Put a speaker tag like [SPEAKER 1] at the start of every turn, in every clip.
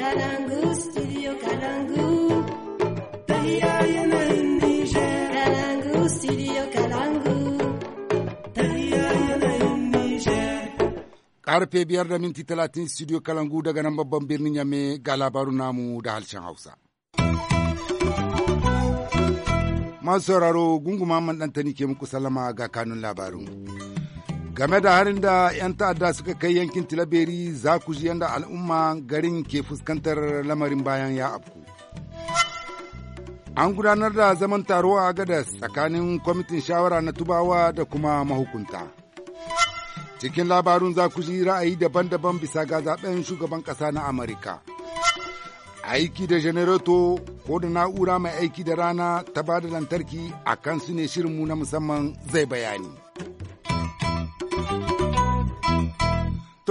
[SPEAKER 1] Kalangu, studio Kalangu.
[SPEAKER 2] Kalangu, studio Kalangu. Karfe biyar da minti talatin studio Kalangu daga nan babban birnin Yame ga labaru namu da halshen Hausa. Masu sauraro gunguma man ɗantani ke muku salama ga kanun labarun. game da harin da 'yan ta'adda suka kai yankin tilaberi za ku ji yadda al'umma garin ke fuskantar lamarin bayan ya afku an gudanar da zaman taro a gadas tsakanin kwamitin shawara na tubawa da kuma mahukunta cikin labarun za ku ji ra'ayi daban-daban bisa ga zaben shugaban ƙasa na amurka aiki da janareto ko da na'ura mai aiki da rana ta ba da lantarki a kan su ne shirinmu na musamman zai bayani.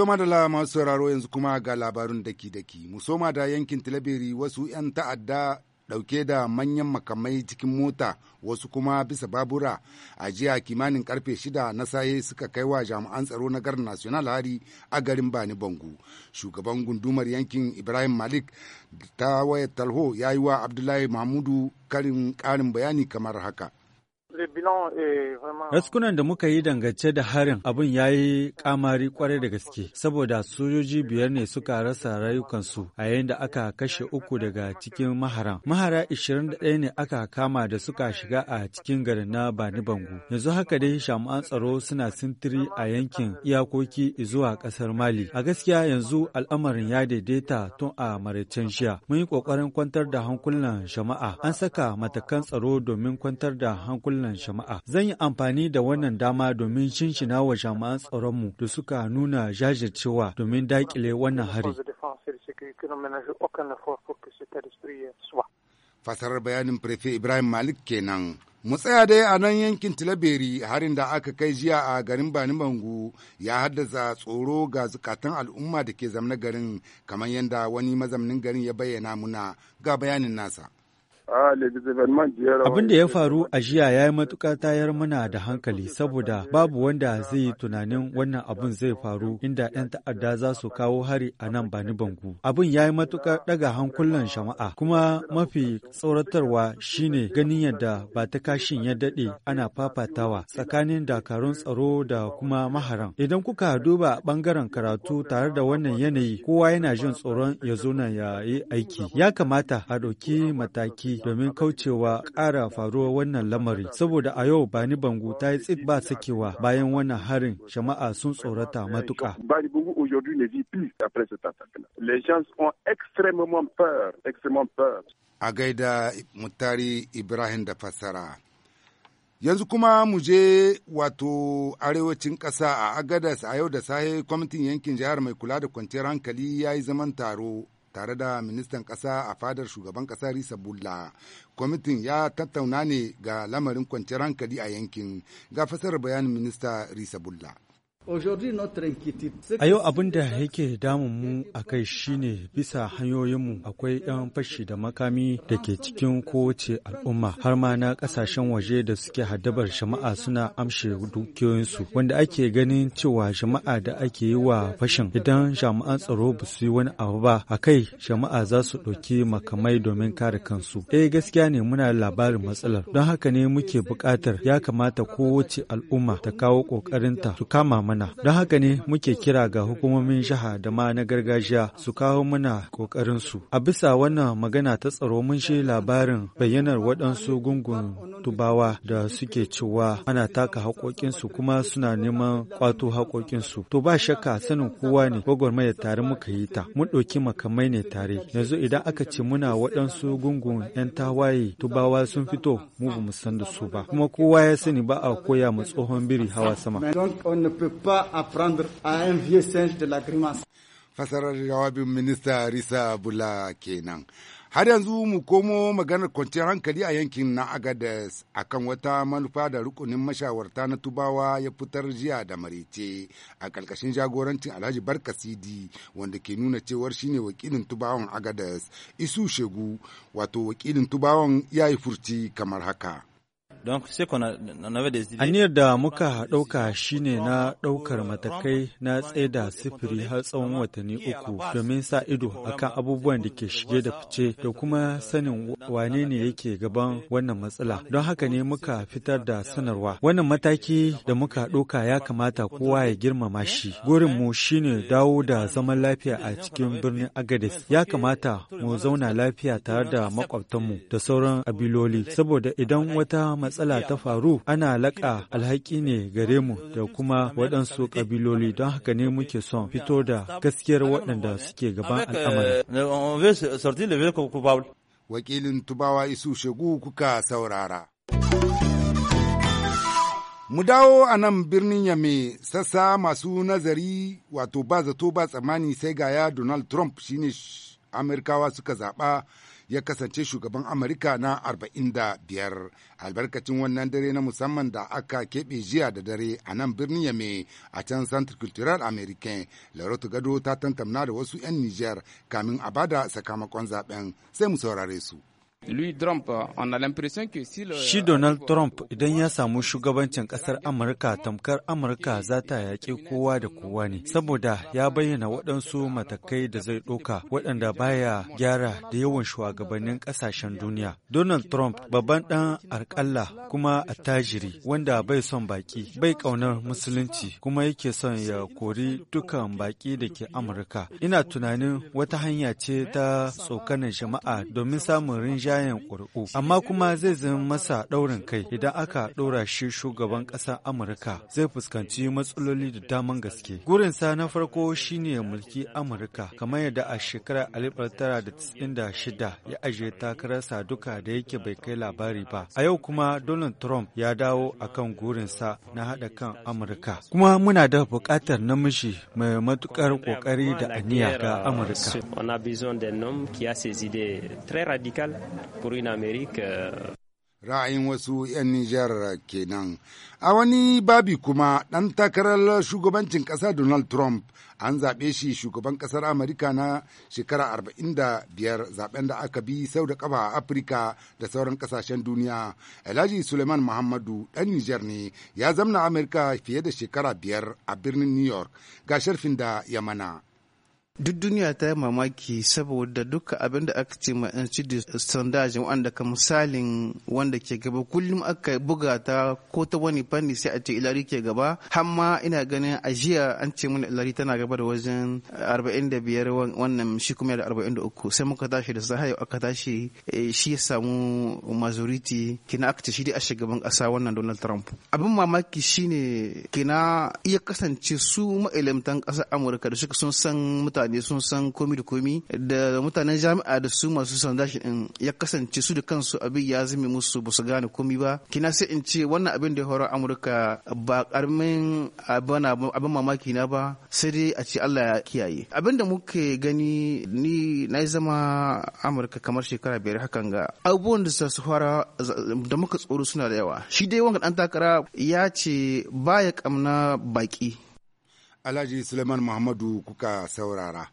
[SPEAKER 2] To madala masu sauraro yanzu kuma ga labarun daki-daki. Musoma da yankin tilabiri wasu 'yan ta'adda ɗauke da manyan makamai cikin mota wasu kuma bisa babura a jiya kimanin karfe shida na saye suka kai wa jami'an tsaro na garin national hari a garin bani bangu shugaban gundumar yankin ibrahim malik ta wayar talho ya yi wa abdullahi mahmudu karin ƙarin bayani kamar haka Raskunan da
[SPEAKER 1] muka yi dangance da harin abin ya yi kamari kwarai da gaske, saboda sojoji biyar ne suka rasa rayukansu a yayin da aka kashe uku daga cikin mahara Mahara 21 ne aka kama da suka shiga a cikin garin na Bani Bango. Yanzu haka dai jami'an tsaro suna sintiri a yankin iyakoki zuwa kasar Mali. A gaskiya yanzu al'amarin ya daidaita tun a maraicen jiya. Mun yi kokarin kwantar da hankulan jama'a. An saka matakan tsaro domin kwantar da hankulan hankulan jama'a. Zan yi amfani da wannan dama domin shinshina wa jama'an tsaronmu da suka nuna jajircewa domin daƙile wannan
[SPEAKER 2] hari. Fasarar bayanin Prefe Ibrahim Malik kenan. Mu tsaya dai a nan yankin Tilaberi harin da aka kai jiya a garin Bani Bangu ya haddasa tsoro ga zukatan al'umma da ke zamna garin kamar yadda wani mazamnin garin ya bayyana muna ga bayanin nasa. Abin
[SPEAKER 1] da ya faru a jiya ya yi matuƙar tayar mana da hankali saboda babu wanda zai yi tunanin wannan abin zai faru inda 'yan ta'adda za su kawo hari a nan bani bangu. Abin ya yi matuƙar ɗaga hankulan shama'a kuma mafi tsoratarwa shine ganin yadda ba ta kashin ya daɗe ana fafatawa tsakanin dakarun tsaro da kuma maharan. Idan kuka duba ɓangaren karatu tare da wannan yanayi kowa yana jin tsoron ya zo nan ya yi aiki. Ya kamata a ɗauki mataki domin kaucewa ƙara faruwar wannan lamari. Saboda a yau Bani Bangu ta yi tsit ba sakewa bayan wannan harin jama'a sun tsorata matuƙa.
[SPEAKER 2] A gaida Mutari Ibrahim da fassara. yanzu kuma mu je wato arewacin ƙasa a agadas a yau da sahe kwamitin yankin jihar mai kula da kwanciyar hankali ya yi zaman taro tare da ministan ƙasa a fadar shugaban ƙasa Risa Bulla. Kwamitin ya tattauna ne ga lamarin kwanciyar hankali a yankin ga fasar bayanin minista Risa Bulla.
[SPEAKER 1] A yau abin da yake damun mu a kai shine bisa hanyoyinmu akwai 'yan fashi da makami da ke cikin kowace al'umma har ma na ƙasashen waje da suke haddabar jama'a suna amshe dukiyoyinsu wanda ake ganin cewa jama'a da ake yi wa fashin idan jami'an tsaro ba su yi wani abu ba a kai jama'a za su ɗauki makamai domin kare kansu. Eh gaskiya ne muna labarin matsalar don haka ne muke buƙatar ya kamata kowace al'umma ta kawo ƙoƙarinta su kama mana mana. Don haka ne muke kira ga hukumomin jiha da ma na gargajiya su kawo mana ƙoƙarinsu. A bisa wannan magana ta tsaro mun shi labarin bayyanar waɗansu gungun tubawa da suke cewa ana taka haƙoƙinsu kuma suna neman ƙwato haƙoƙinsu. To ba shakka sanin kowa ne gwagwarmayar tare muka yi ta. Mun ɗauki makamai ne tare. Yanzu idan aka ce muna waɗansu gungun 'yan tawaye tubawa sun fito mu ba san da su ba. Kuma kowa ya sani ba a koya mu tsohon biri hawa sama.
[SPEAKER 2] pas prendre à un vieux singe de la grimace. Fasarar jawabin minista Risa Bula kenan. Har yanzu mu komo maganar kwanciyar hankali a yankin na Agadez kan wata manufa da rukunin mashawarta na Tubawa ya fitar jiya da marece a ƙarƙashin jagorancin Alhaji Barka Sidi wanda ke nuna cewar shine wakilin Tubawan Agadez Isu Shegu wato wakilin Tubawan ya yi furci kamar haka. Aniyar da muka
[SPEAKER 1] ɗauka shine na ɗaukar matakai na tsaida sifiri har tsawon watanni uku domin sa ido akan abubuwan da ke shige da fice da kuma sanin wane ne yake gaban wannan matsala. Don haka ne muka fitar da sanarwa. Wannan mataki da muka ɗauka ya kamata kowa ya girmama shi. Gurin mu shine dawo da zaman lafiya a cikin birnin Agadez. Ya kamata mu zauna lafiya tare da makwabtanmu da sauran abiloli saboda idan wata matsala ta faru ana laƙa alhaki ne gare mu da kuma waɗansu ƙabiloli don haka ne muke son fito da gaskiyar waɗanda suke gaban al'amarin.
[SPEAKER 2] Wakilin Tubawa Isu Shegu kuka saurara. Mu dawo a nan birnin Yame sassa masu nazari wato ba zato ba tsammani sai ga ya Donald Trump shine Amerikawa suka zaɓa ya kasance shugaban Amurka na 45. Albarkacin wannan dare na musamman da aka keɓe jiya da dare a nan birnin Yame a can Centre Cultural america Larotu Gado ta tantamna da wasu 'yan Nijar kamin a bada sakamakon zaben sai mu saurare su.
[SPEAKER 3] Shi Donald
[SPEAKER 1] Trump idan ya samu shugabancin ƙasar Amurka tamkar Amurka za ta yaƙi kowa da kowa ne, saboda ya bayyana waɗansu matakai da zai ɗoka waɗanda baya gyara da yawan shugabannin ƙasashen duniya. Donald Trump babban ɗan alƙalla kuma attajiri wanda bai son baƙi, bai ƙaunar musulunci kuma yake son ya kori dukan baƙi da ke Amurka. Ina tunanin wata hanya ce ta tsokanin jama'a domin samun rinja rinjayen ƙuri'u, amma kuma zai zama masa ɗaurin kai idan aka ɗora shi shugaban ƙasar Amurka zai fuskanci matsaloli da daman gaske. Gurinsa na farko shine mulki Amurka, kamar yadda a shekarar 1996 ya ajiye takararsa duka da yake bai kai labari ba. A yau kuma Donald Trump ya dawo akan gurinsa na haɗa kan Amurka. Kuma muna da buƙatar namiji mai matuƙar ƙoƙari da aniya ga Amurka.
[SPEAKER 4] On a besoin d'un homme qui a pour une Amérique.
[SPEAKER 2] Euh, Ra'ayin wasu 'yan Nijar kenan. A wani babi kuma ɗan takarar shugabancin ƙasa Donald Trump an zaɓe shi shugaban ƙasar Amurka na shekara arba'in da biyar zaɓen da aka bi sau da ƙafa a Afirka da sauran ƙasashen duniya. Alhaji Suleiman Muhammadu ɗan Nijar ne ya zamna Amurka fiye da shekara biyar a birnin New York ga sharfin da ya mana.
[SPEAKER 3] duk duniya ta yi mamaki saboda duka abin da aka ce ma institute sondage wanda ka misalin wanda ke gaba kullum aka buga ta ko ta wani fanni sai a ce ilari ke gaba hamma ina ganin a jiya an ce mana ilari tana gaba da wajen 45 wannan shi kuma da 43 sai muka tashi da sahayo aka tashi eh, shi ya samu majority kina aka ce shi dai a shugaban kasa wannan Donald Trump abin mamaki shine kina iya kasance su ma'ilimtan kasar Amurka da suka sun san mutane mutane sun san komi da komi da mutanen jami'a da su masu sanda shi din ya kasance su da kansu abin ya zame musu ba su gane komi ba kina sai in ce wannan abin da ya horar amurka ba karamin abin mamaki na ba sai dai a ce allah ya kiyaye abin da muke gani ni na zama amurka kamar shekara biyar hakan ga abubuwan da su fara da muka tsoro suna da yawa shi dai wanga dan takara ya ce baya kamna baki Alhaji Suleiman Muhammadu kuka saurara.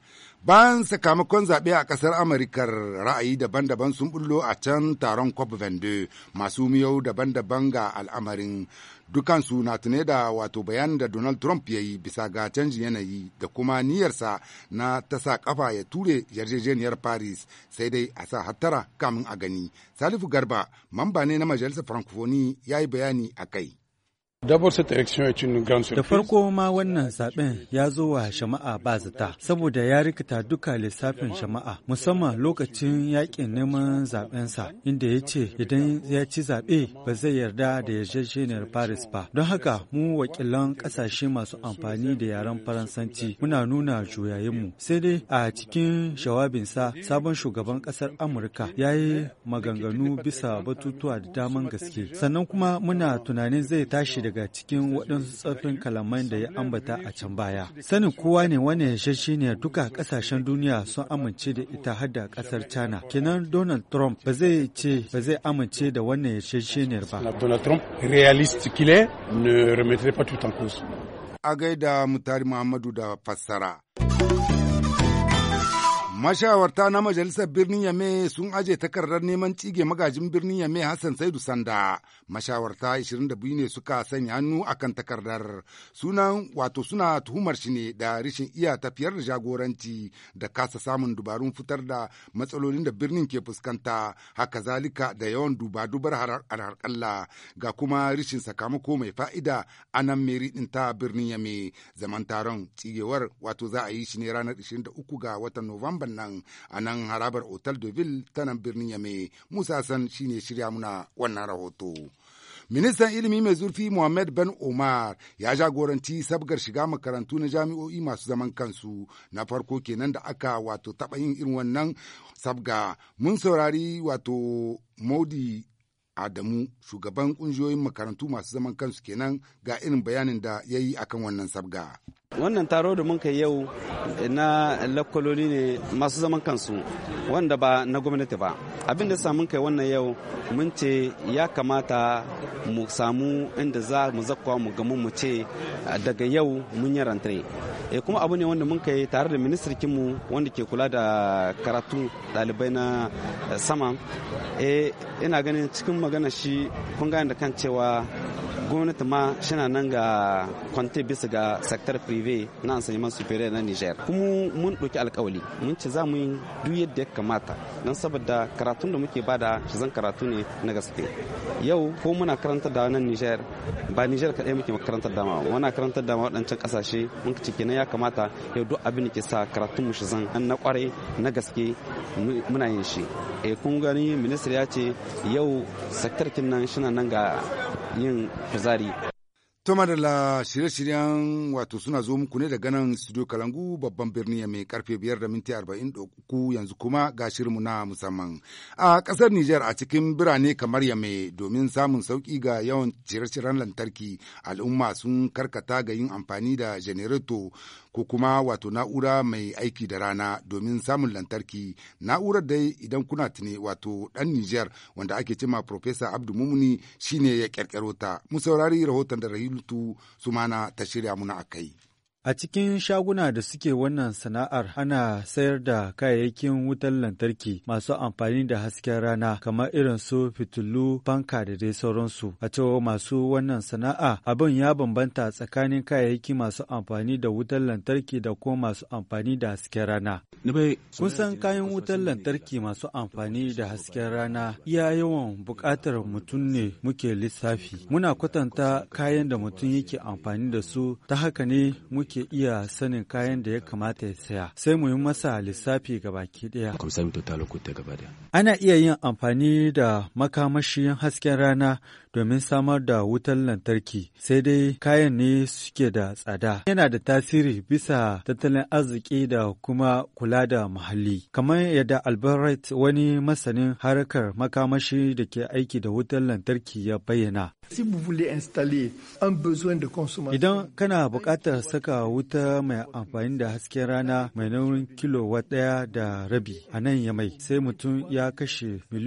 [SPEAKER 2] Bayan sakamakon zaɓe a ƙasar amurka ra'ayi daban-daban sun bullo a can taron COP22 masu miyau daban-daban ga al'amarin dukansu na tune da wato bayan da Donald Trump ya yi bisa ga canjin yanayi da kuma niyyarsa na ta sa ƙafa ya ture yarjejeniyar Paris sai dai a sa hattara kamun a gani. Salifu Garba, mamba ne na Majalisar Francophonie ya yi bayani a kai. Da farko
[SPEAKER 1] ma wannan zaben ya zo wa shama'a ba zata saboda ya rikita duka lissafin shama'a musamman lokacin yakin neman zabensa inda ya ce idan ya ci zaɓe ba zai yarda da yarjejeniyar Paris ba. Don haka mu wakilan ƙasashe masu amfani da yaren Faransanci muna nuna mu Sai dai a cikin shawabinsa sabon shugaban ƙasar Amurka ya yi maganganu bisa batutuwa da daman gaske. Sannan kuma muna tunanin zai tashi daga daga cikin waɗansu tsaffin kalaman da ya ambata a can baya. Sanin kowa ne wannan ya ne duka ƙasashen duniya sun amince da ita har da ƙasar China. Kenan Donald Trump ba zai ce ba zai amince da wannan yashashe ne ba. Donald Trump
[SPEAKER 3] realist ne remettrai pas
[SPEAKER 1] tout
[SPEAKER 2] en cause. A gaida Mutari Muhammadu da fassara. Mashawarta na Majalisar Birnin Yame sun aje takardar neman cige magajin birnin Yame Hassan Saidu Sanda. Mashawarta 22 ne suka sanya hannu a kan takardar. Sunan wato suna tuhumar shi ne da rishin iya tafiyar da jagoranci da kasa samun dubarun fitar da matsalolin da birnin ke fuskanta. Haka zalika da yawan duba-dubar harkalla ga kuma rishin sakamako mai fa'ida a nan meri ɗin ta birnin Yame. Zaman taron cigewar wato za a yi shi ne ranar 23 ga watan Nuwamba makon nan a nan harabar Otal de Ville ta nan birnin Yame. Musa San shine shirya muna wannan rahoto. Ministan ilimi mai zurfi Mohammed Ben Omar ya jagoranci sabgar shiga makarantu na jami'o'i masu zaman kansu na farko kenan da aka wato taɓa yin irin wannan sabga. Mun saurari wato Modi Adamu shugaban ƙungiyoyin makarantu masu zaman kansu kenan ga irin bayanin da ya yi akan wannan sabga.
[SPEAKER 4] wannan taro da mun kai yau na lakkwaloli ne masu zaman kansu wanda ba na gwamnati ba abinda da samun kai wannan yau mun ce ya kamata mu samu inda za mu zakwa mu gamu mu ce daga yau mun yi rantare e kuma abu ne wanda mun kai tare da ministrikinmu wanda ke kula da karatu ɗalibai na eh, sama e ina ganin cikin magana shi kun gane da kan cewa gwamnati ma shana nan ga kwante bisa ga sektar prive na enseignement superior na niger kuma mun ɗauki alkawali mun ce za mu yi duk yadda ya kamata don saboda karatun da muke bada shi zan karatu ne na gaske yau ko muna karantar da nan niger ba niger kaɗai muke makarantar dama muna karantar dama waɗancan ƙasashe mun ce kenan ya kamata yau duk abin da ke sa karatun mu shi zan an na kwarai na gaske muna yin shi e kun gani ministry ya ce
[SPEAKER 2] yau sektar kin nan shina nan ga yin fitsari. Toma da la shirye-shiryen wato suna zo muku ne daga nan studio Kalangu babban birni mai karfe biyar da minti arba'in da uku yanzu kuma ga shirinmu na musamman. A ƙasar Nijar a cikin birane kamar Yame domin samun sauƙi ga yawan shirye-shiryen lantarki al'umma sun karkata ga yin amfani da janareto ko kuma wato na'ura mai aiki da rana domin samun lantarki na'urar dai idan kuna tuni wato dan Nijar wanda ake cima Profesa Abdu Mumuni shine ya kyarkyaro ta mu saurari rahoton da Rahilutu Sumana ta shirya muna akai.
[SPEAKER 1] A cikin shaguna da suke wannan sana'ar ana sayar da kayayyakin wutar lantarki masu amfani da hasken rana kamar irin su fitilu, fanka da dai sauransu. A cewa masu wannan sana'a abin ya bambanta tsakanin kayayyaki masu amfani da wutar lantarki da kuma masu amfani da hasken rana. Kusan kayan wutar lantarki masu amfani da hasken rana iya yawan buƙatar mutum ne muke lissafi. Muna kwatanta kayan da mutum yake amfani da su ta haka ne muke yake iya sanin kayan da ya kamata ya saya sai mu yi masa lissafi ga baki daya. Ana iya yin amfani da makamashin hasken rana domin samar da wutar lantarki sai dai kayan ne suke da tsada. Yana da tasiri bisa tattalin arziki da kuma kula da muhalli. Kamar yadda Albert wani masanin harkar makamashi da ke aiki da wutar lantarki ya bayyana. Idan kana buƙatar saka wuta mai amfani da hasken rana mai nauyin kilowatt ɗaya da rabi a nan yamai sai mutum ya kashe miliyan